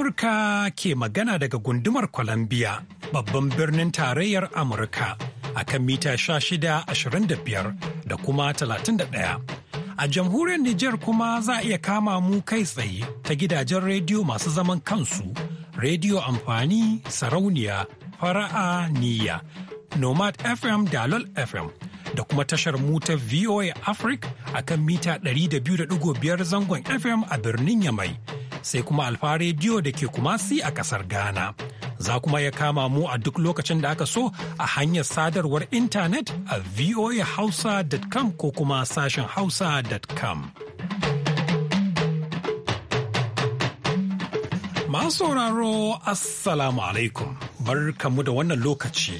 Amurka ke magana daga gundumar Columbia, babban birnin tarayyar Amurka, a kan mita 1625 da kuma talatin 31. A jamhuriyar Nijar kuma za a iya kama mu kai tsaye ta gidajen rediyo masu zaman kansu, rediyo amfani, sarauniya, fara'a, niyya, Nomad FM, Dalol FM. da kuma tashar muta ta VOA Africa a kan mita 200.5 zangon FM a birnin Yamai sai kuma Alfa Rediyo da ke Kumasi a kasar Ghana. Za kuma ya kama mu a duk lokacin da aka so a hanyar sadarwar intanet a voahausa.com ko kuma sashen hausa.com. Masu sauraro Assalamu alaikum, bar kamu da wannan lokaci.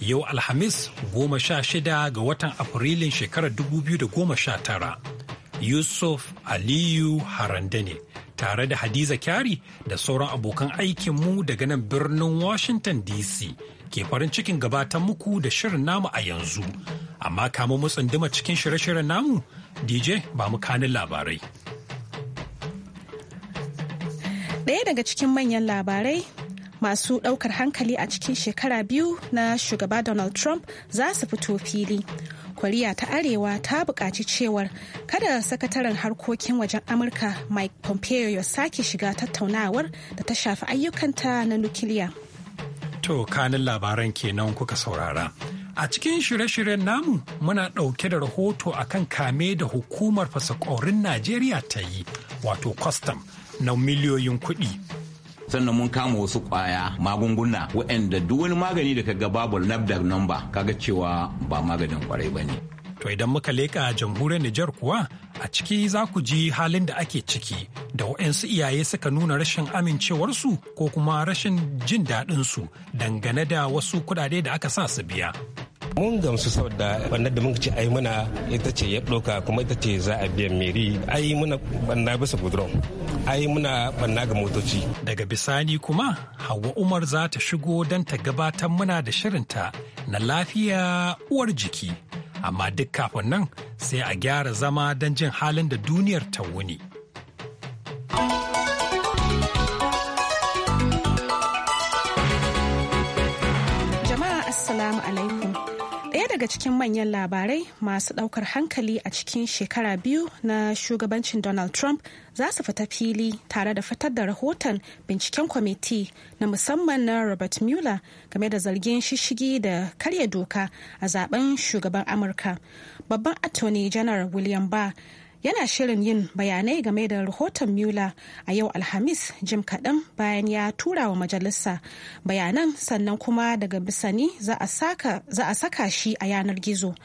yau alhamis goma sha shida ga watan afrilun shekarar tara. yusuf aliyu harande ne tare da Hadiza Kyari da sauran abokan aikinmu daga nan birnin Washington DC ke farin cikin gabatar muku da shirin namu a yanzu. Amma kamun mu tsunduma cikin shirye-shiryen namu, DJ ba mu kanin labarai. Ɗaya daga cikin manyan labarai masu ɗaukar hankali a cikin shekara biyu na shugaba Donald Trump za su fito fili. koriya ta arewa ta buƙaci cewar kada sakataren harkokin wajen amurka mike pompeo ya sake shiga tattaunawar da ta shafi ayyukanta na nukiliya to kanin labaran kenan kuka saurara a cikin shirye-shiryen namu muna ɗauke da rahoto akan kame da hukumar fasakorin najeriya ta yi wato kwastam na miliyoyin kuɗi sannan mun kama wasu kwaya magunguna waɗanda duk wani magani da kaga babu nabdar number kaga cewa ba maganin kwarai ba ne. To idan muka leƙa jamhuriyar Nijar kuwa a ciki za ku ji halin da ake ciki da waɗansu iyaye suka nuna rashin amincewarsu ko kuma rashin jin daɗinsu dangane da wasu kuɗaɗe da aka sa su biya. mun gamsu saboda wannan da muka ce ai muna ita ce ya ɗauka kuma ita ce za a biyan meri ai muna banna bisa gudron ai muna banna ga motoci. Daga bisani kuma Hauwa Umar za ta shigo don ta gabatar muna da shirinta na lafiya uwar jiki. Amma duk kafin nan sai a gyara zama don jin halin da duniyar ta wuni. daga cikin manyan labarai masu daukar hankali a cikin shekara biyu na shugabancin Donald Trump za su fita fili tare da fitar da rahoton binciken kwamiti na musamman na Robert Mueller game da zargin shishigi da karya doka a zaben shugaban Amurka. Babban Attorney General William Barr yana shirin yin bayanai game da rahoton mueller a yau alhamis jim kaɗan bayan ya tura wa majalisa bayanan sannan kuma daga bisani za a saka shi a yanar gizo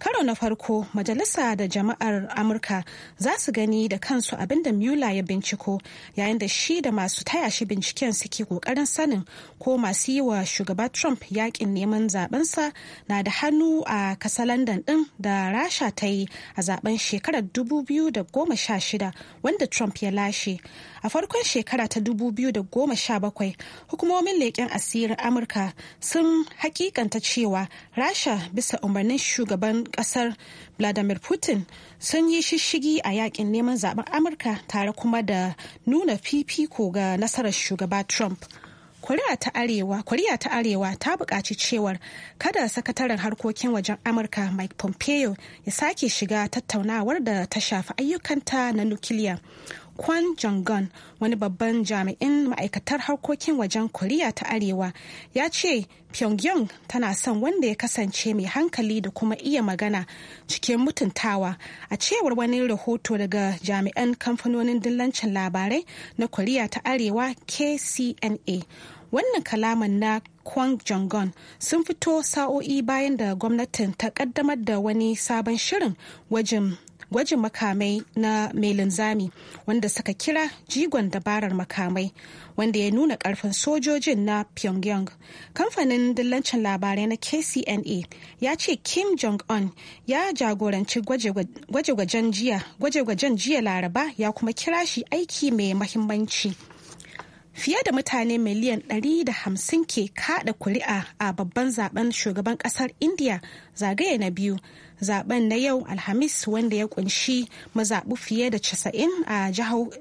karo na farko majalisa da jama'ar amurka za su gani da kansu abinda mueller ya binciko yayin da shi da masu taya shi binciken suke kokarin sanin ko masu yi wa shugaba trump yakin neman zabensa na da hannu a kasa london din da rasha ta yi a zaben shekarar dubu 2016 wanda Trump ya lashe. A farkon shekara ta 2017 hukumomin leƙen asirin Amurka sun hakikanta cewa Rasha bisa umarnin shugaban ƙasar Vladimir Putin sun yi shishigi a yakin neman zaben Amurka tare kuma da nuna fifiko ga nasarar shugaba Trump. Koriya ta Arewa, ta Arewa ta buƙaci cewar kada sakataren harkokin wajen Amurka Mike Pompeo ya sake shiga tattaunawar da ta shafi ayyukanta na nukiliya. Kwan Jong-un, wani babban jami'in ma'aikatar harkokin wajen Koriya ta Arewa, ya ce Pyongyang tana son wanda ya kasance mai hankali da kuma iya magana cikin mutuntawa a cewar wani rahoto daga jami'an kamfanonin dillancin labarai na Koriya ta Arewa KCNA. wannan kalaman na kwang jong sun fito sa'o'i bayan da gwamnatin ta kaddamar da wani sabon shirin gwajin makamai na mai linzami wanda suka kira jigon dabarar makamai wanda ya nuna karfin sojojin na pyongyang kamfanin dillancin labarai na kcna ya ce kim jong-un ya jagoranci gwaje-gwajen jiya laraba ya kuma kira shi aiki mai mahimmanci Fiye da mutane miliyan 150 ke kada kuri'a a babban zaben shugaban kasar India zagaye na biyu. Zaben na yau Alhamis wanda ya kunshi mazaɓu fiye da 90 a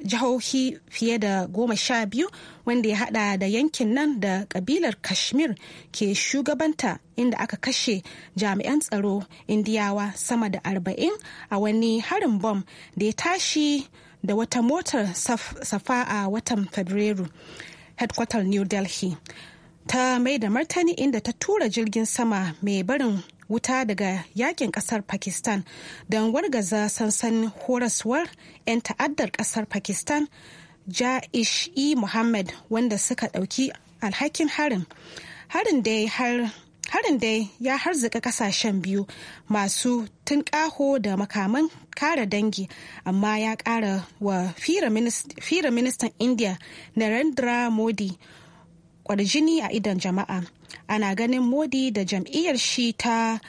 jihohi fiye da goma sha biyu wanda ya hada da yankin nan da kabilar Kashmir ke shugabanta inda aka kashe jami'an tsaro Indiyawa sama da 40 a wani harin bom da ya tashi da wata motar safa a watan fabrairu headquarter new delhi ta mai da martani inda ta tura jirgin sama mai barin wuta daga yakin kasar pakistan don wargaza sansan horaswar 'yan ta'addar kasar pakistan ja'ish e muhammad wanda suka dauki alhakin harin harin da dai har harin dai ya harzika kasashen biyu masu tunƙaho da makaman kara dangi amma ya ƙara wa fira ministan india narendra modi kwarjini a idon jama'a ana ganin modi da jam'iyyar shi ta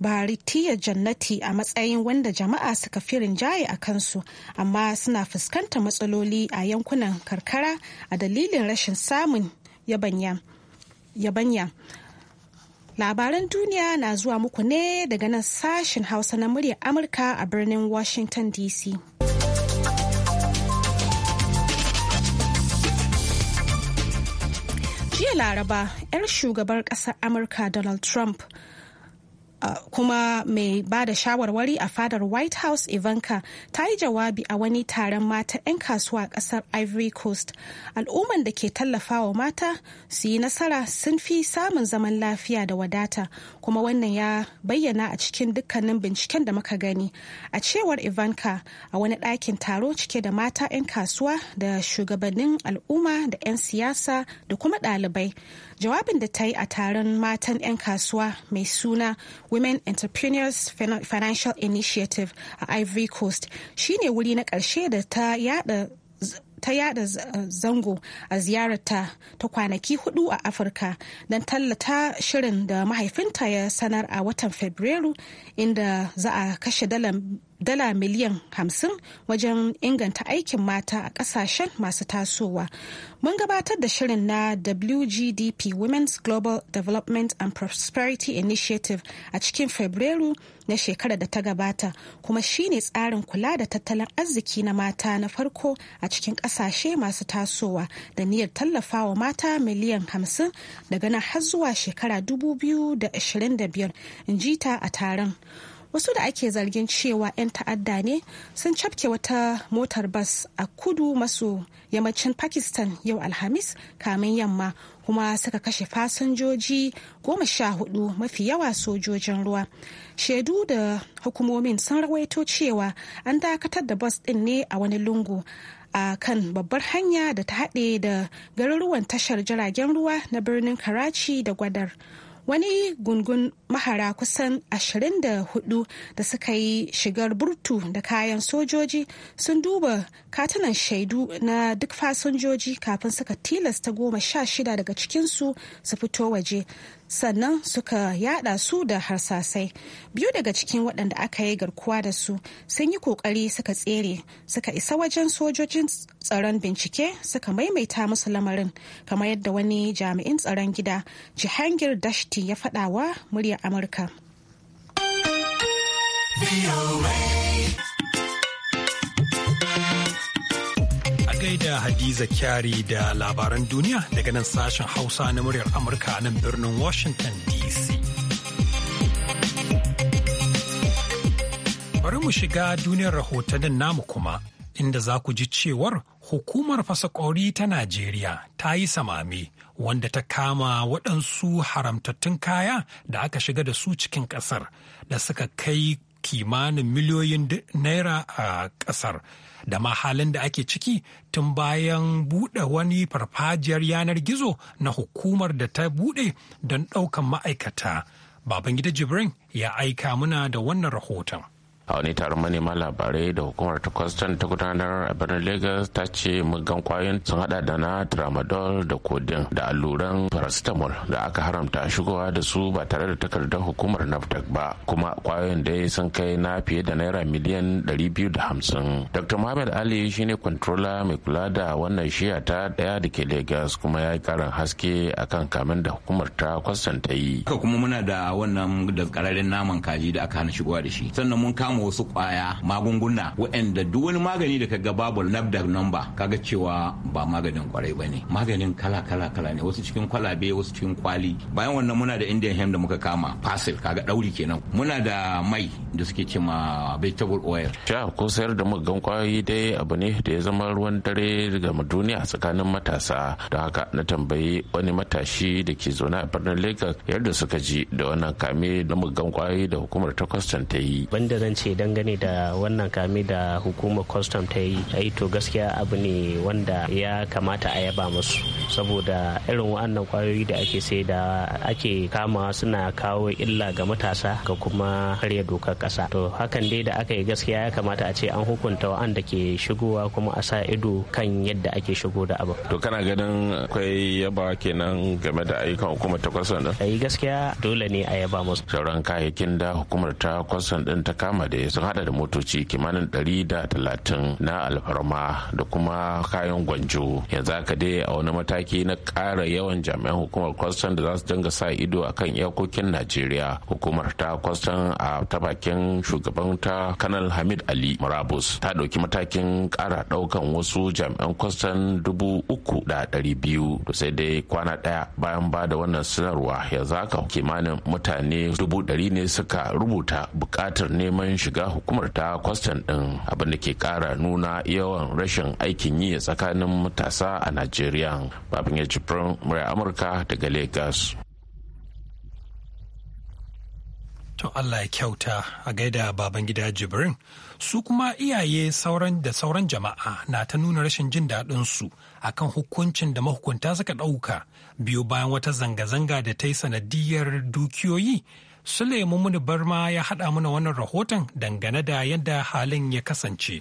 baritiyar jannati a matsayin wanda jama'a suka firin rinjaye a kansu amma suna fuskanta matsaloli a yankunan karkara a dalilin rashin samun yabanya Labaran duniya na zuwa muku ne daga nan sashen Hausa na muryar Amurka a birnin Washington DC. Jiya Laraba, 'yar shugabar ƙasar Amurka Donald Trump kuma mai ba da shawarwari a fadar white house ivanka ta yi jawabi a wani taron mata 'yan kasuwa a kasar ivory coast al'umman da ke tallafawa mata su yi nasara sun fi samun zaman lafiya da wadata kuma wannan ya bayyana a cikin dukkanin binciken da muka gani a cewar ivanka a wani ɗakin taro cike da mata 'yan kasuwa da shugabannin al'umma da 'yan siyasa da kuma ɗalibai jawabin da ta yi a taron matan 'yan kasuwa mai suna women entrepreneurs financial initiative a ivory coast shi ne wuri na ƙarshe da ta yada ta yada eh, zango a ziyararta ta kwanaki hudu a afirka don tallata shirin da mahaifinta ya sanar a watan fabrairu inda za a kashe dalar. dala miliyan hamsin wajen inganta aikin mata a kasashen masu tasowa. Mun gabatar da shirin na WGDP Women's Global Development and Prosperity Initiative a cikin Fabrairu na shekarar da ta gabata kuma shi ne tsarin kula da tattalin arziki na mata na farko a cikin kasashe masu tasowa da niyyar tallafawa mata miliyan hamsin daga nan har zuwa shekara 2025 in ji ta a taron. wasu da ake zargin cewa 'yan ta'adda ne sun cafke wata motar bas a kudu maso yammacin pakistan yau alhamis kamin yamma kuma suka kashe fasinjoji goma sha hudu mafi yawa sojojin ruwa shaidu da hukumomin sun rawaito cewa an dakatar da bas din ne a wani lungu a kan babbar hanya da ta haɗe da garuruwan tashar jiragen ruwa na birnin karachi da gwadar wani gungun mahara kusan 24 da suka yi shigar burtu da kayan sojoji sun duba katunan shaidu na duk fasinjoji kafin suka tilasta goma sha shida daga cikinsu su fito waje sannan suka yada su da harsasai biyu daga cikin waɗanda aka yi garkuwa da su sun yi kokari suka tsere suka isa wajen sojojin tsaron bincike suka maimaita musu lamarin kamar yadda wani jami'in tsaron gida jihangir dashti ya faɗawa muryar amurka. da Hadiza Kyari da labaran duniya daga nan sashen Hausa na muryar Amurka nan birnin Washington DC. Bari mu shiga duniyar rahotannin namu kuma, inda za ku ji cewar hukumar fasakori ta Najeriya ta yi samami wanda ta kama waɗansu haramtattun kaya da aka shiga da su cikin ƙasar da suka kai kimanin miliyoyin naira a ƙasar. da ma halin da ake ciki tun bayan buɗe wani farfajiyar yanar gizo na hukumar da ta buɗe don ɗaukan ma'aikata. Babangida Jibrin ya aika muna da wannan rahoton. a wani taron manema labarai da hukumar ta kwastan ta gudanar a birnin lagos ta ce mugan kwayoyin sun hada da na tramadol da kodin da alluran paracetamol da aka haramta shigowa da su ba tare da takardar hukumar naftak ba kuma kwayoyin da sun kai na fiye da naira miliyan da hamsin. dr mohamed ali shine kontrola mai kula da wannan shiya ta daya da ke lagos kuma ya yi karin haske akan kamin da hukumar ta kwastan ta yi kuma muna da wannan kararren naman kaji da aka hana shigowa da shi sannan mun kama samu wasu kwaya magunguna waɗanda duk wani magani da kaga babu nabda namba kaga cewa ba maganin kwarai ne maganin kala kala kala ne wasu cikin kwalabe wasu cikin kwali bayan wannan muna da indian hem da muka kama fasil kaga dauri kenan muna da mai da suke ce ma vegetable oil sha ko sayar da muggan kwayoyi dai abu ne da ya zama ruwan dare ga duniya tsakanin matasa don haka na tambayi wani matashi da ke zaune a birnin lagos yadda suka ji da wannan kame na muggan kwayoyi da hukumar ta kwastan ta yi ce dangane da wannan kami da hukumar custom ta yi ai to gaskiya abu ne wanda ya kamata a yaba musu saboda irin wa'annan kwayoyi da ake sai da ake kama suna kawo illa ga matasa ga kuma karya dokar kasa to hakan dai da aka yi gaskiya ya kamata a ce an hukunta wa'anda ke shigowa kuma a sa ido kan yadda ake shigo da abu to kana ganin akwai yaba kenan game da ayyukan hukumar ta kwasan din yi gaskiya dole ne a yaba musu sauran kayayyakin da hukumar ta kwasan din ta kama da ya sun hada da motoci kimanin da talatin na alfarma da kuma kayan gwanjo yanzu aka dai a wani mataki na ƙara yawan jami'an hukumar kwastan da za su dinga sa ido a kan iyakokin najeriya hukumar ta kwastan a ta bakin shugaban ta kanal hamid ali murabus ta ɗauki matakin ƙara ɗaukan wasu jami'an kwastan dubu uku da ɗari biyu to sai dai kwana ɗaya bayan ba da wannan sanarwa yanzu aka kimanin mutane dubu ɗari ne suka rubuta buƙatar neman shiga hukumar ta kwastan din abinda ke kara nuna yawan rashin aikin yi tsakanin matasa a nigeria babin ya jibrin murya amurka daga lagos To Allah ya kyauta a gaida baban gida Jibrin, su kuma iyaye sauran da sauran jama'a na ta nuna rashin jin daɗin su akan hukuncin da mahukunta suka ɗauka biyu bayan wata zanga-zanga da ta yi sanadiyar dukiyoyi Suleiman Muni Barma ya haɗa mana wannan rahoton dangane da yadda halin ya kasance.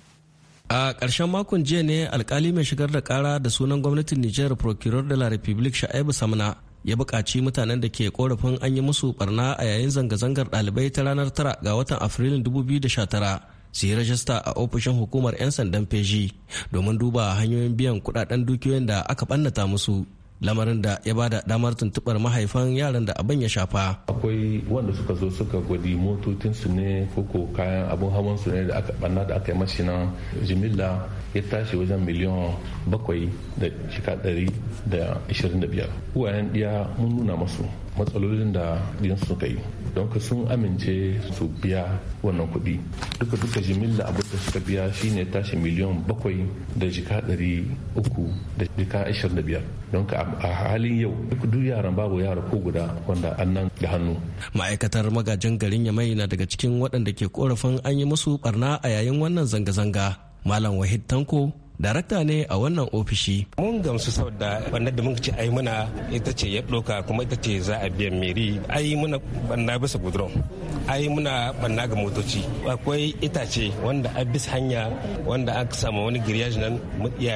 a ƙarshen makon jiya ne alkali mai shigar da ƙara da sunan gwamnatin nijar procureur de la republique sha'ibu samna ya buƙaci mutanen da ke korafin an yi musu barna a yayin zanga-zangar ɗalibai ta ranar tara ga watan afrilun 2019 su yi rajista a ofishin hukumar 'yan sandan feji domin duba hanyoyin biyan kudaden dukiyoyin da aka ɓannata musu lamarin da ya bada damar tuntubar mahaifan yaran da abin ya shafa akwai wanda suka zo suka gwadi motocinsu ne koko kayan abin hawan su ne da aka banna da aka yi mashi nan jimilla ya tashi wajen miliyan bakwai da shika dari da ishirin da biyar uwayen diya mun nuna masu matsalolin da ɗinsu suka yi don ka sun amince su biya wannan kuɗi duka duka jimilla abin da suka biya shine tashi miliyan bakwai da jika ɗari uku da jika ashirin da biyar don ka a halin yau duk duk yaran babu yara ko guda wanda an nan da hannu ma'aikatar magajin garin yamai na daga cikin waɗanda ke korafin an yi musu barna a yayin wannan zanga-zanga malam wahid tanko darakta ne a wannan ofishi. Mun gamsu saboda wannan da muka ce ai muna ita ce ya ɗauka kuma ita ce za a biya meri ai muna banna bisa gudron ai muna banna ga motoci akwai itace wanda a bisa hanya wanda aka samu wani giriyaj nan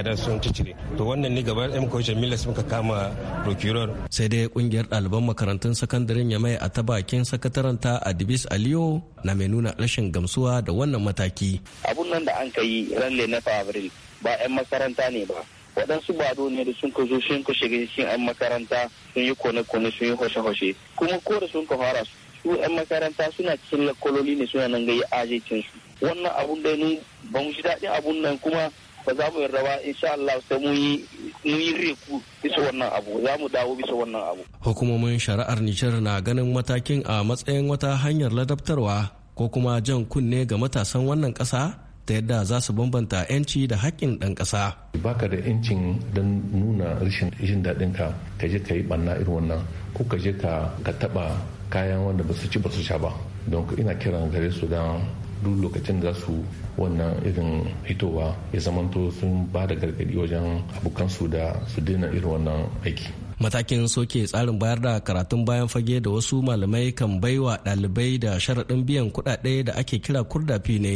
da sun cicire to wannan ne gaba ɗaya muka wuce milas muka kama procurer. Sai dai kungiyar ɗaliban makarantun sakandaren ya mai a ta bakin sakataren ta Adibis Aliyo na mai nuna rashin gamsuwa da wannan mataki. Abun nan da an kai yi ran na Fabril ba 'yan makaranta ne ba waɗansu bado ne da sun ka zo sun ka shiga cikin 'yan makaranta sun yi kone-kone sun yi hoshe-hoshe kuma ko da sun ka fara su 'yan makaranta suna cikin lakololi ne suna nan gayi ajejin su wannan abun da ni ba mu ji daɗin abun nan kuma ba za mu yarda ba insha Allah sai mu yi mu yi reku bisa wannan abu za mu dawo bisa wannan abu hukumomin shari'ar Nijar na ganin matakin a matsayin wata hanyar ladabtarwa ko kuma jan kunne ga matasan wannan ƙasa ta yadda za su bambanta 'yanci da haƙƙin ɗan ƙasa. baka da 'yancin don nuna rashin jin daɗin ka ka je ka yi ɓanna irin wannan ko ka je ka taɓa kayan wanda ba su ci ba su sha ba don ina kiran gare su don duk lokacin da su wannan irin hitowa ya zamanto sun ba da gargaɗi wajen abokansu da su daina irin wannan aiki. matakin soke tsarin bayar da karatun bayan fage da wasu malamai kan baiwa ɗalibai da sharaɗin biyan kuɗaɗe da ake kira kurdafi ne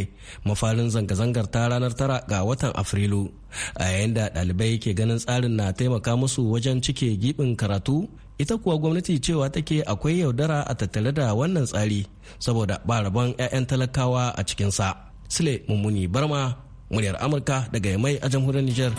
mafarin zanga-zangar ta ranar tara ga watan afrilu a yayin da ɗalibai ke ganin tsarin na taimaka musu wajen cike giɓin karatu ita kuwa gwamnati cewa take akwai yaudara a tattale da wannan tsari saboda ba rabon 'ya'yan talakawa a cikinsa sule mummuni barma muryar amurka daga mai a jamhuriyar niger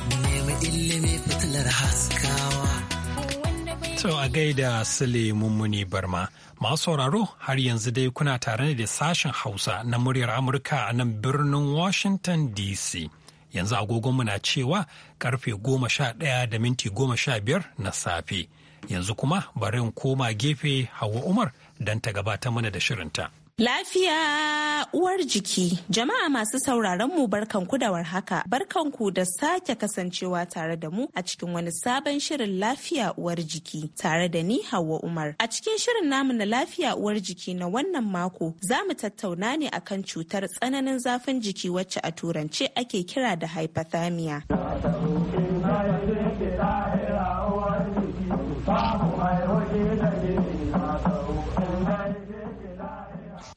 To a gaida Sule Mummuni Barma. Masu sauraro har yanzu dai kuna tare da sashen Hausa na muryar Amurka a nan birnin Washington DC. Yanzu agogonmu na cewa karfe goma sha ɗaya da minti goma sha biyar na safe. Yanzu kuma bari in koma gefe Hauwa Umar don ta gabata mana da shirinta. Lafiya uwar jiki. Jama'a masu sauraron mu barkanku da warhaka. Barkanku da sake kasancewa tare da mu a cikin wani sabon shirin lafiya uwar jiki tare da ni Hauwa Umar. A cikin shirin namu na lafiya uwar jiki na wannan mako za mu tattauna ne akan cutar tsananin zafin jiki wacce a turance ake kira da hypothermia.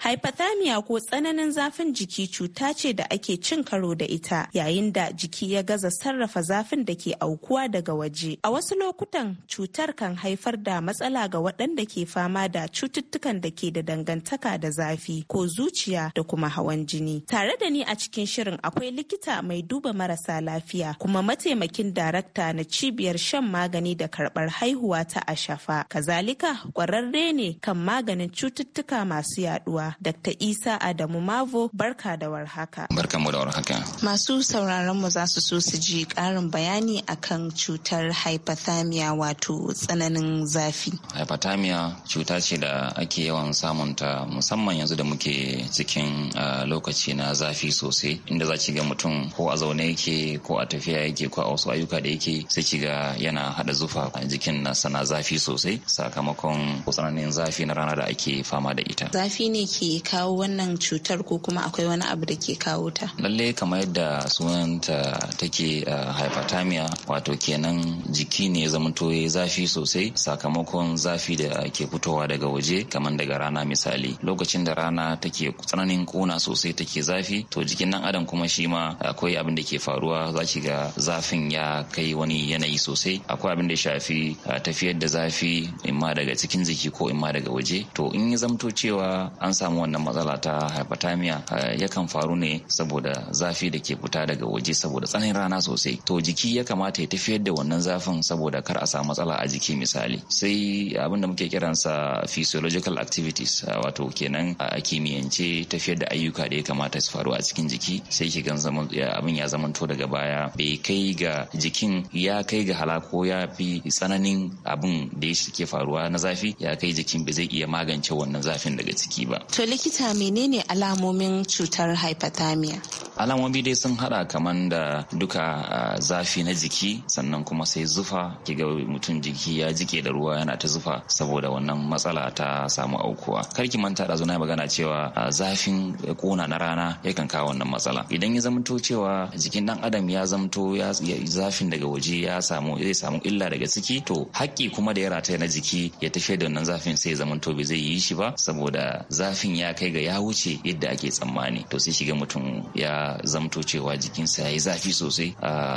Hypothermia ko tsananin zafin jiki cuta ce da ake cin karo da ita yayin da jiki ya gaza sarrafa zafin da ke aukuwa daga waje. A wasu lokutan cutar kan haifar da matsala ga waɗanda ke fama da cututtukan da ke da dangantaka da zafi ko zuciya da kuma hawan jini. Tare da ni a cikin shirin akwai likita mai duba marasa lafiya kuma mataimakin darakta na cibiyar shan magani da karɓar haihuwa ta Ashafa. Kazalika ƙwararre ne kan maganin cututtuka masu yaduwa. Dr. Isa Adamu Mavo barka da warhaka. Barka mu da warhaka. Masu sauraron mu za su so su ji ƙarin bayani akan cutar hypothermia wato tsananin zafi. Hypothermia cuta ce da ake yawan samun ta musamman yanzu da muke cikin lokaci na zafi sosai inda za ki ga mutum ko a zaune yake ko a tafiya yake ko a wasu ayyuka da yake sai ki ga yana hada zufa a jikin nasa na zafi sosai sakamakon tsananin zafi na rana da ake fama da ita. Zafi ne ke ke kawo wannan cutar ko kuma akwai wani abu da ke kawo ta lalle kamar yadda sunanta take eh, hypothermia wato kenan jiki ne ya zamanto ya zafi sosai sakamakon zafi da ke fitowa daga waje kamar daga rana misali lokacin da rana take tsananin kona sosai take zafi to jikin nan adam kuma shi ma akwai abin da ke faruwa za ki ga zafin ya kai wani yanayi sosai akwai abin da shafi eh, tafiyar da zafi imma daga cikin jiki ko imma daga waje to in ya zamto cewa an samu samu wannan matsala ta hypothermia yakan faru ne saboda zafi da ke fita daga waje saboda tsananin rana sosai to jiki ya kamata ya tafiyar da wannan zafin saboda kar a samu matsala a jiki misali sai abin da muke kiransa physiological activities wato kenan a kimiyyance tafiyar da ayyuka da ya kamata su faru a cikin jiki sai ki gan abin ya zamanto daga baya bai kai ga jikin ya kai ga halako ya fi tsananin abin da ya ke faruwa na zafi ya kai jikin ba zai iya magance wannan zafin daga ciki ba. To To likita menene alamomin cutar hypothermia? alamomi dai sun hada kamar da duka zafi na jiki sannan kuma sai zufa kiga mutum jiki ya jike da ruwa yana ta zufa saboda wannan matsala ta samu aukuwa kar ki manta da zuna magana cewa zafin kona na rana yakan kawo wannan matsala idan ya zamto cewa jikin dan adam ya zamto ya zafin daga waje ya samu zai samu illa daga ciki to haƙƙi kuma da ya rataya na jiki ya tafi da wannan zafin sai ya zamanto bai zai yi shi ba saboda zafin jikin ya kai ga ya wuce yadda ake tsammani to sai shiga mutum ya zamto cewa jikinsa ya yi zafi sosai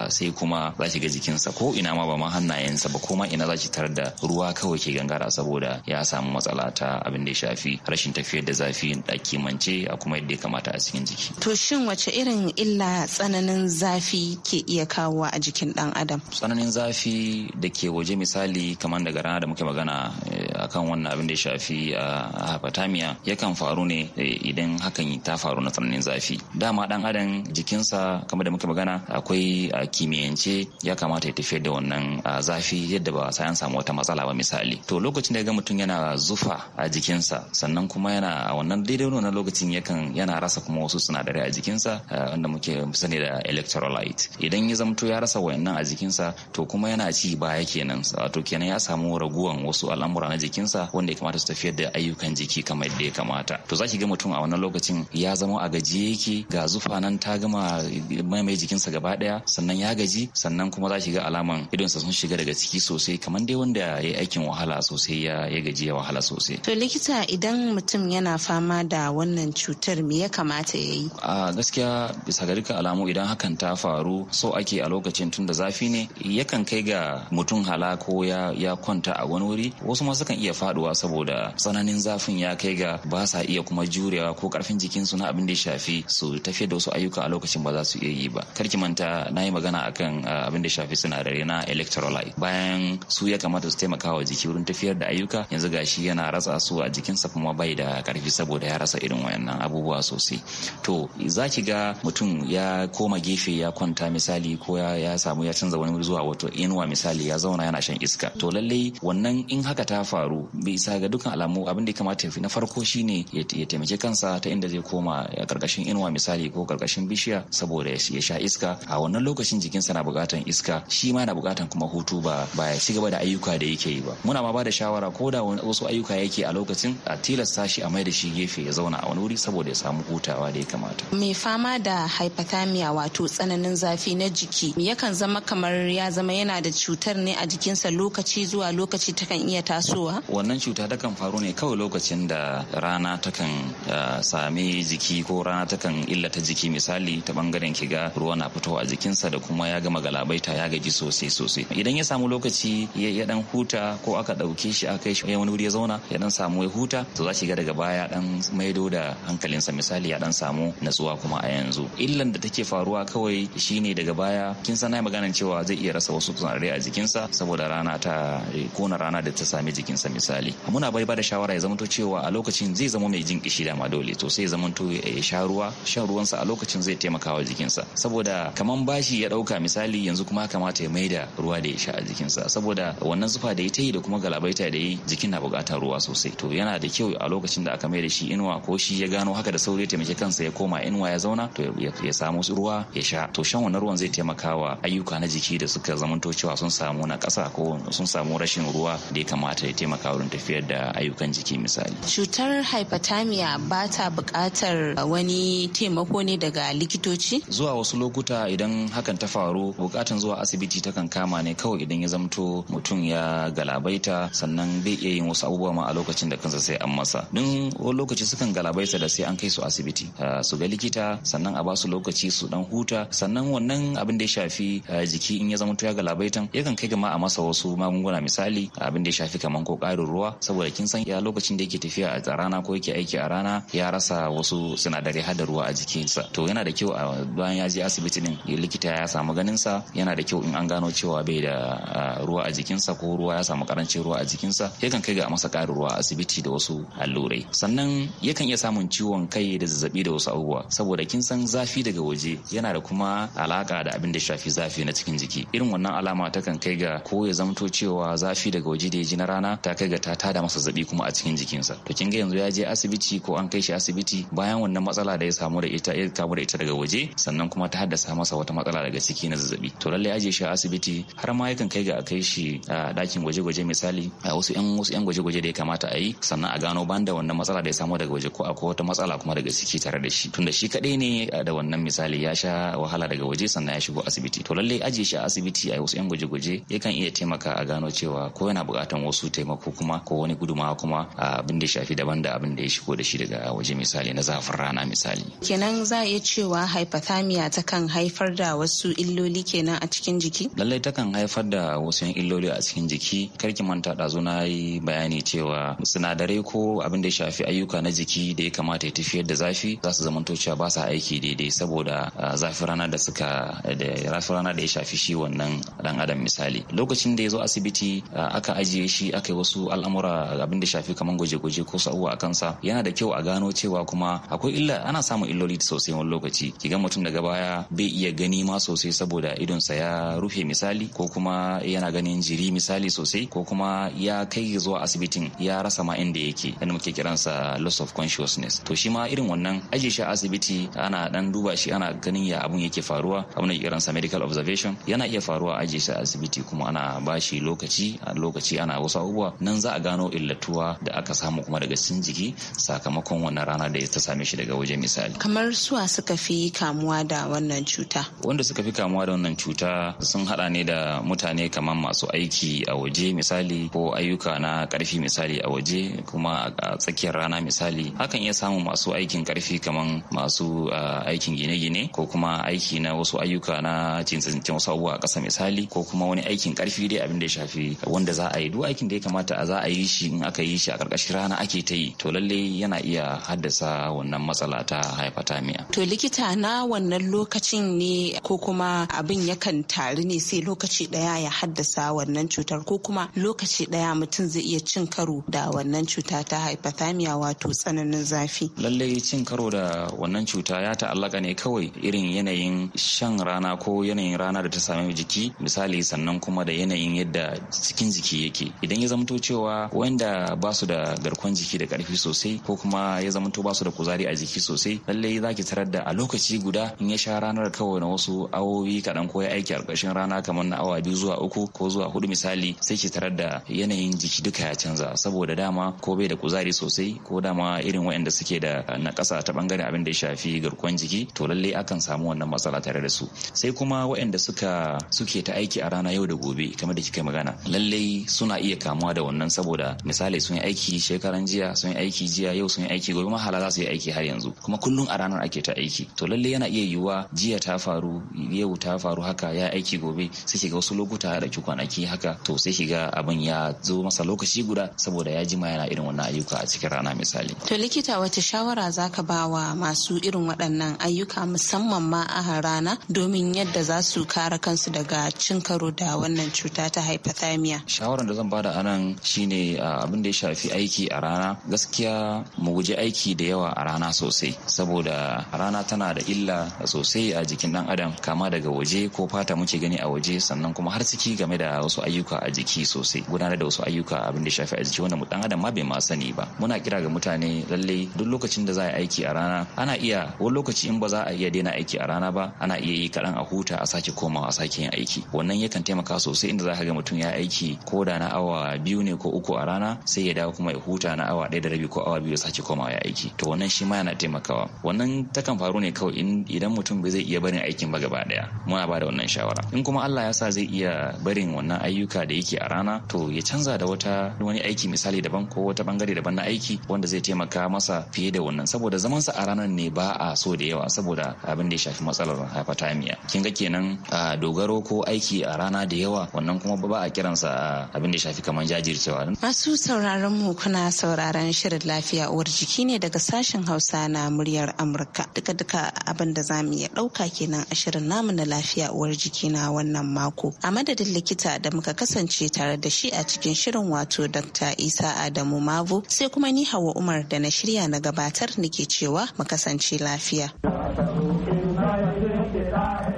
sai kuma za shiga jikinsa ko ina ma ba ma hannayensa ba ko ina za shi tarar da ruwa kawai ke gangara saboda ya samu matsala ta abin da ya shafi rashin tafiyar da zafi da kimance a kuma yadda ya kamata a cikin jiki. To shin wace irin illa tsananin zafi ke iya kawo a jikin dan adam? Tsananin zafi da ke waje misali kamar daga rana da muke magana eh, akan wannan abin da ya shafi a hepatamiya yakan faru faru ne eh, idan hakan ta faru na tsananin zafi dama dan adam jikinsa kamar da muka magana akwai kimiyyance ya kamata ya tafiyar da wannan zafi yadda ba sai an samu wata matsala ba misali to lokacin da ga mutum yana zufa a jikinsa sannan kuma yana a wannan daidai wannan lokacin yakan yana rasa kuma wasu sinadarai a jikinsa wanda muke sani da electrolyte idan ya zamto ya rasa wayannan a jikinsa to kuma yana ci baya kenan wato kenan ya samu raguwan wasu al'amura na jikinsa wanda ya kamata su tafiyar da ayyukan jiki kamar yadda ya kamata ta to zaki ga mutum a wannan lokacin ya zama a gaji yake ga zufa nan ta gama maimai jikinsa gaba daya sannan ya gaji sannan kuma zaki ga alaman idonsa sun shiga daga ciki sosai kamar dai wanda ya yi aikin wahala sosai ya ya gaji ya wahala sosai to likita idan mutum yana fama da wannan cutar me ya kamata ya yi a gaskiya bisa ga duka alamu idan hakan ta faru so ake a lokacin tunda zafi ne yakan kai ga mutum hala ko ya ya kwanta a wani wuri wasu ma sukan iya faduwa saboda tsananin zafin ya kai ga ba sa iya kuma jurewa ko karfin jikinsu na abin da ya shafi su tafiyar da wasu ayyuka a lokacin ba za su iya yi ba kar ki manta na yi magana akan ah, abin da shafi sinadarai na electrolyte bayan su ya kamata su taimaka wa jiki wurin tafiyar da ayyuka yanzu gashi yana rasa su a jikin jikinsa kuma bai da karfi saboda ya rasa irin wayannan abubuwa sosai to za ki ga mutum ya koma gefe ya kwanta misali ko ya samu ya canza wani zuwa wato inuwa misali ya zauna yana shan iska to lallai wannan in haka ta faru bisa ga dukkan alamu abin da ya kamata ya fi na farko shine ya taimaki kansa ta inda zai koma a karkashin inuwa misali ko karkashin bishiya saboda ya sha iska a wannan lokacin jikinsa na bukatan iska shi ma na bukatan kuma hutu ba ba ya ci gaba da ayyuka da yake yi ba muna ma bada shawara ko da wasu ayyuka yake a lokacin a tilasta shi a mai da shi gefe ya zauna a wani wuri saboda ya samu hutawa da ya kamata mai fama da hypothermia wato tsananin zafi na jiki yakan zama kamar ya zama yana da cutar ne a jikinsa lokaci zuwa lokaci takan iya tasowa wannan cuta takan faru ne kawai lokacin da rana takan ah, sami jiki ko rana takan illata jiki misali ta bangaren kiga ruwa na fitowa a jikinsa da kuma ya gama galabaita ya gaji sosai sosai idan ya samu lokaci ya dan huta ko aka dauke shi aka kai shi wani wuri ya zauna ya dan samu ya huta to za shi ga daga baya dan maido da hankalinsa misali ya dan samu natsuwa kuma a yanzu illan da take faruwa kawai shine daga baya kin san na cewa zai iya rasa wasu tsare a jikinsa saboda rana ta eh, kona rana da ta sami jikinsa misali muna bai ba da shawara ya zama to cewa a lokacin zai zama kuma mai jin kishi dama dole to sai zaman to eh, ya sha ruwa shan ruwansa a lokacin zai taimaka wa jikinsa saboda kamar bashi ya dauka misali yanzu kuma kamata ya maida ruwa da ya sha a jikinsa saboda wannan zufa da ya ta yi da kuma galabaita da ya yi jikin na bukata ruwa sosai to yana da kyau a lokacin da aka maida shi inuwa ko shi ya gano haka da sauri ya taimaki kansa ya koma inuwa ya zauna to ya samu ruwa ya sha to shan wannan ruwan zai taimaka wa ayyuka na jiki da suka zamanto cewa sun samu na ƙasa ko sun samu rashin ruwa da ya kamata ya taimaka wurin tafiyar da ayyukan jiki misali cutar hypothermia ba ta buƙatar uh, wani taimako ne daga likitoci? Zuwa wasu lokuta idan hakan ta faru bukatan zuwa asibiti takan kama ne kawai idan ya zamto mutum ya galabaita sannan bai iya yin wasu abubuwa ma a lokacin da kansa sai an masa. Don wani lokaci sukan galabaita da sai an kai su asibiti uh, su ga likita sannan a ba su lokaci su dan huta sannan wannan abin da ya shafi uh, jiki in ya zamto ya galabaitan yakan kai ma a masa wasu magunguna misali abin da ya shafi kaman ko ƙarin ruwa saboda kin san ya lokacin da yake tafiya a rana ko yake aiki a rana ya rasa wasu sinadarai hada ruwa a jikinsa to yana da kyau a bayan ya je asibiti din likita ya samu ganinsa yana da kyau in an gano cewa bai da ruwa a jikinsa ko ruwa ya samu karancin ruwa a jikinsa yakan kai ga a masa karin ruwa a asibiti da wasu allurai sannan yakan iya samun ciwon kai da zazzabi da wasu abubuwa saboda kin san zafi daga waje yana da kuma alaka da abin da shafi zafi na cikin jiki irin wannan alama ta kan kai ga ko ya zamto cewa zafi daga waje da ya ji na rana ta kai ga ta tada masa zabi kuma a cikin jikinsa to kin ga yanzu ya je asibiti ko an kai shi asibiti bayan wannan matsala da ya samu da ita ya kamu da ita daga waje sannan kuma ta haddasa masa wata matsala daga ciki na zazzabi to lalle aje shi asibiti har ma yakan kai ga a kai shi a dakin gwaje-gwaje misali a wasu yan wasu yan gwaje-gwaje da ya kamata a yi sannan a gano banda wannan matsala da ya samu daga waje ko akwai wata matsala kuma daga ciki tare da shi tunda shi kadai ne da wannan misali ya sha wahala daga waje sannan ya shigo asibiti to lalle aje shi asibiti a wasu yan gwaje-gwaje yakan iya taimaka a gano cewa ko yana bukatan wasu taimako kuma ko wani gudumawa kuma abin da shafi daban da abin da ya shigo da shi daga waje misali na zafin rana misali kenan za a iya cewa hypothermia kan haifar da wasu illoli kenan a cikin jiki lallai ta kan haifar da wasu yan illoli a cikin jiki karki manta ɗazu na yi bayani cewa sinadarai ko abin da ya shafi ayyuka na jiki da ya kamata ya tafiyar da zafi za su zamanto cewa ba sa aiki daidai saboda zafin rana da suka da zafin rana da ya shafi shi wannan dan adam misali lokacin da ya zo asibiti aka ajiye shi aka yi wasu al'amura abin da shafi kamar gwaje-gwaje ko sa'uwa a kansa kansa yana da kyau a gano cewa kuma akwai illa ana samun illoli sosai wani lokaci ki ga mutum daga baya bai iya gani ma sosai saboda idon sa ya rufe misali ko kuma yana ganin jiri misali sosai ko kuma ya kai zuwa asibitin ya rasa ma inda yake yadda muke kiransa loss of consciousness to shi ma irin wannan aje shi asibiti ana dan duba shi ana ganin ya abun yake faruwa abun da kiransa medical observation yana iya faruwa aje shi asibiti kuma ana ba shi lokaci a lokaci ana wasu abubuwa nan za a gano illatuwa da aka samu kuma daga cikin jiki sakamakon wannan rana da ta same shi daga waje misali kamar suwa suka fi kamuwa da wannan cuta wanda suka fi kamuwa da wannan cuta sun hada ne da mutane kamar masu aiki a waje misali ko ayyuka na karfi misali a waje kuma a tsakiyar rana misali hakan iya samun masu aikin karfi kamar masu aikin gine-gine ko kuma aiki na wasu ayyuka na cincin wasu abubuwa a ƙasa misali ko kuma wani aikin karfi dai abin da ya shafi wanda za a yi duk aikin da ya kamata a za a yi shi in aka yi shi a ƙarƙashin rana ake ta yi to Lallai yana iya haddasa wannan matsala ta hypothermia. To likita na wannan lokacin ne ko kuma abin yakan taru ne sai lokaci daya ya haddasa wannan cutar ko kuma lokaci daya mutum zai iya cin karo da wannan cuta ta hypothermia wato tsananin zafi. Lallai cin karo da wannan cuta ya ta'allaka ne kawai irin yanayin shan rana ko yanayin rana da ta sami jiki misali sannan kuma da yanayin yadda cikin jiki yake idan ya zamto cewa wanda ba su da garkon jiki da karfi sosai sosai ko kuma ya zama ba su da kuzari a jiki sosai lallai zaki ki tarar da a lokaci guda in ya sha ranar kawai na wasu awowi kaɗan ko ya aiki a ƙarshen rana kamar na awa biyu zuwa uku ko zuwa hudu misali sai ki tarar da yanayin jiki duka ya canza saboda dama ko bai da kuzari sosai ko dama irin waɗanda suke da na kasa ta ɓangaren abin da ya shafi garkuwan jiki to lallai akan samu wannan matsala tare da su sai kuma waɗanda suka suke ta aiki a rana yau da gobe kamar da kika magana lallai suna iya kamuwa da wannan saboda misali sun yi aiki shekaran jiya sun yi aiki jiya yau sun yi aiki gobe ma za su yi aiki har yanzu kuma kullum a ranar ake ta aiki to lalle yana iya yiwuwa jiya ta faru yau ta faru haka ya aiki gobe sai ki ga wasu lokuta da ki kwanaki haka to sai ki ga abin ya zo masa lokaci guda saboda ya jima yana irin wannan ayyuka a cikin rana misali to likita wata shawara zaka ba wa masu irin waɗannan ayyuka musamman ma a rana domin yadda za su kare kansu daga cin karo da wannan cuta ta hypothermia shawaran da zan bada anan shine abin da ya shafi aiki a rana gaskiya mu guji aiki da yawa a rana sosai saboda rana tana da illa sosai a jikin dan adam kama daga waje ko fata muke gani a waje sannan kuma har ciki game da wasu ayyuka a jiki sosai gudanar da wasu ayyuka abin da shafi a jiki wanda dan adam ma bai ma sani ba muna kira ga mutane lalle duk lokacin da za a aiki a rana ana iya wani lokaci in ba za a iya daina aiki a rana ba ana iya yi kaɗan a huta a sake komawa a sake yin aiki wannan yakan taimaka sosai inda za ka ga mutum ya aiki ko da na awa biyu ne ko uku a rana sai ya dawo kuma ya huta na awa ɗaya da rabi ko awa biyu ya sake komawa ya aiki to wannan shi ma yana taimakawa wannan takan faru ne kawai idan mutum bai zai iya barin aikin ba gaba daya muna ba da wannan shawara in kuma Allah ya sa zai iya barin wannan ayyuka da yake a rana to ya canza da wata wani aiki misali daban ko wata bangare daban na aiki wanda zai taimaka masa fiye da wannan saboda zaman sa a ranar ne ba a so da yawa saboda abin da ya shafi matsalar hypothermia kin ga kenan a dogaro ko aiki a rana da yawa wannan kuma ba a kiransa abin da ya shafi kamar jajircewa masu sauraron mu kuna sauraron shirin lafiya uwar jiki ne daga sashen Hausa na muryar Amurka. Duka-duka abin da za mu iya ɗauka kenan a shirin namu na lafiya uwar jiki na wannan mako. A madadin likita da muka kasance tare da shi a cikin shirin wato Dr. Isa Adamu Mavo sai kuma ni Hawa Umar da na shirya na gabatar nake cewa mu kasance lafiya.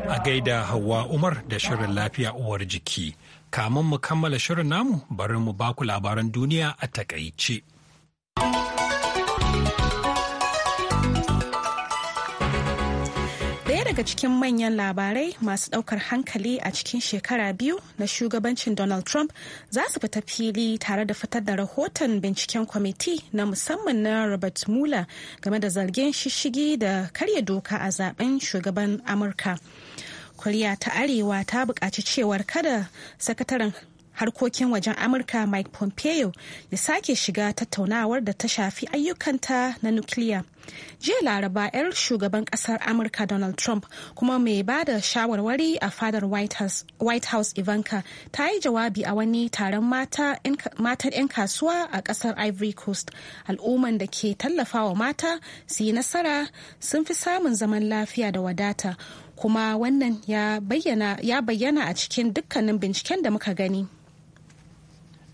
A gaida Hawa Umar da shirin lafiya uwar jiki. Kamun mu kammala shirin namu bari mu baku labaran duniya a takaice. daya daga cikin manyan labarai masu daukar hankali a cikin shekara biyu na shugabancin Donald Trump za su fita fili tare da fitar da rahoton binciken kwamiti na musamman na Robert Mueller game da zargin shishigi da karya doka a zaben shugaban Amurka. Koriya ta Arewa ta buƙaci cewar kada sakataren harkokin wajen amurka mike pompeo ya sake shiga tattaunawar da ta shafi ayyukanta na nukiliya jiya laraba 'yar shugaban kasar amurka donald trump kuma mai ba da shawarwari a fadar white house ivanka ta yi jawabi a wani taron matan 'yan kasuwa a kasar ivory coast al'umman da ke tallafawa mata su yi nasara sun fi samun zaman lafiya da wadata kuma wannan ya bayyana a cikin dukkanin binciken da muka gani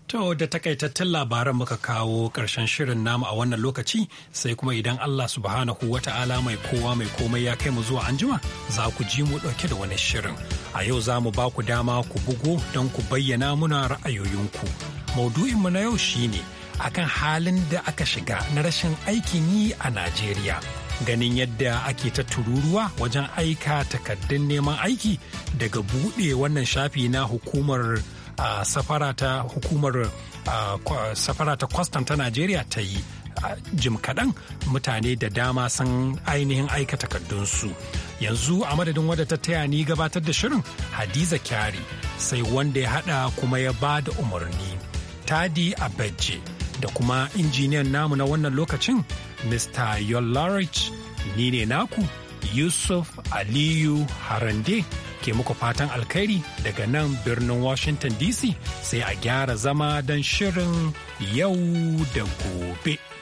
To da takaitattun labaran muka kawo ƙarshen shirin namu a wannan lokaci sai kuma idan Allah subhanahu wa ta'ala mai kowa mai komai ya kai mu zuwa anjima za ku ji mu ɗauke da wani shirin. A yau za mu ba ku dama ku bugo don ku bayyana muna ra'ayoyinku. Maudu'inmu na yau shine akan halin da aka shiga na rashin aikin yi a Najeriya. Ganin yadda ake ta tururuwa wajen aika takardun neman aiki daga buɗe wannan shafi na hukumar a safara ta hukumar safara ta kwastam ta najeriya ta yi jim kaɗan mutane da dama sun ainihin aika takardunsu yanzu a madadin wadda ta taya ni gabatar da shirin hadiza kyari sai wanda ya haɗa kuma ya ba da umarni tadi abedje da kuma injiniyan namu na wannan lokacin mr yolarich ni ne naku yusuf aliyu harande ke muku fatan alkhairi daga nan birnin Washington DC sai a gyara zama don shirin yau da gobe.